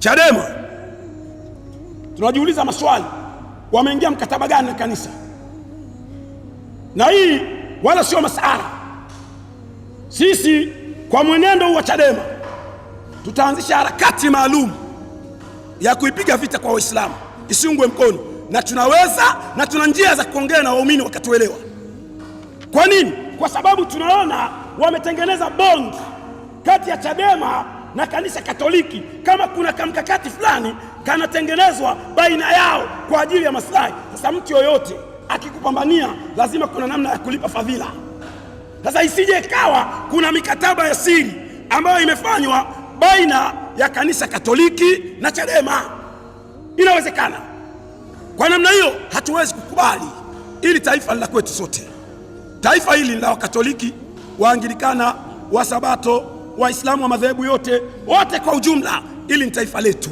Chadema tunajiuliza maswali, wameingia mkataba gani na kanisa? Na hii wala sio masara. Sisi kwa mwenendo wa Chadema tutaanzisha harakati maalum ya kuipiga vita kwa Waislamu isiungwe mkono, na tunaweza na tuna njia za kuongea na waumini wakatuelewa. Kwa nini? Kwa sababu tunaona wametengeneza bond kati ya Chadema na kanisa Katoliki, kama kuna kamkakati fulani kanatengenezwa baina yao kwa ajili ya maslahi. Sasa mtu yoyote akikupambania lazima kuna namna ya kulipa fadhila. Sasa isije ikawa kuna mikataba ya siri ambayo imefanywa baina ya kanisa Katoliki na Chadema. Inawezekana. Kwa namna hiyo hatuwezi kukubali. Ili taifa la kwetu sote. Taifa hili la Wakatoliki, Waanglikana, Wasabato Waislamu wa madhehebu yote wote kwa ujumla, ili ni taifa letu.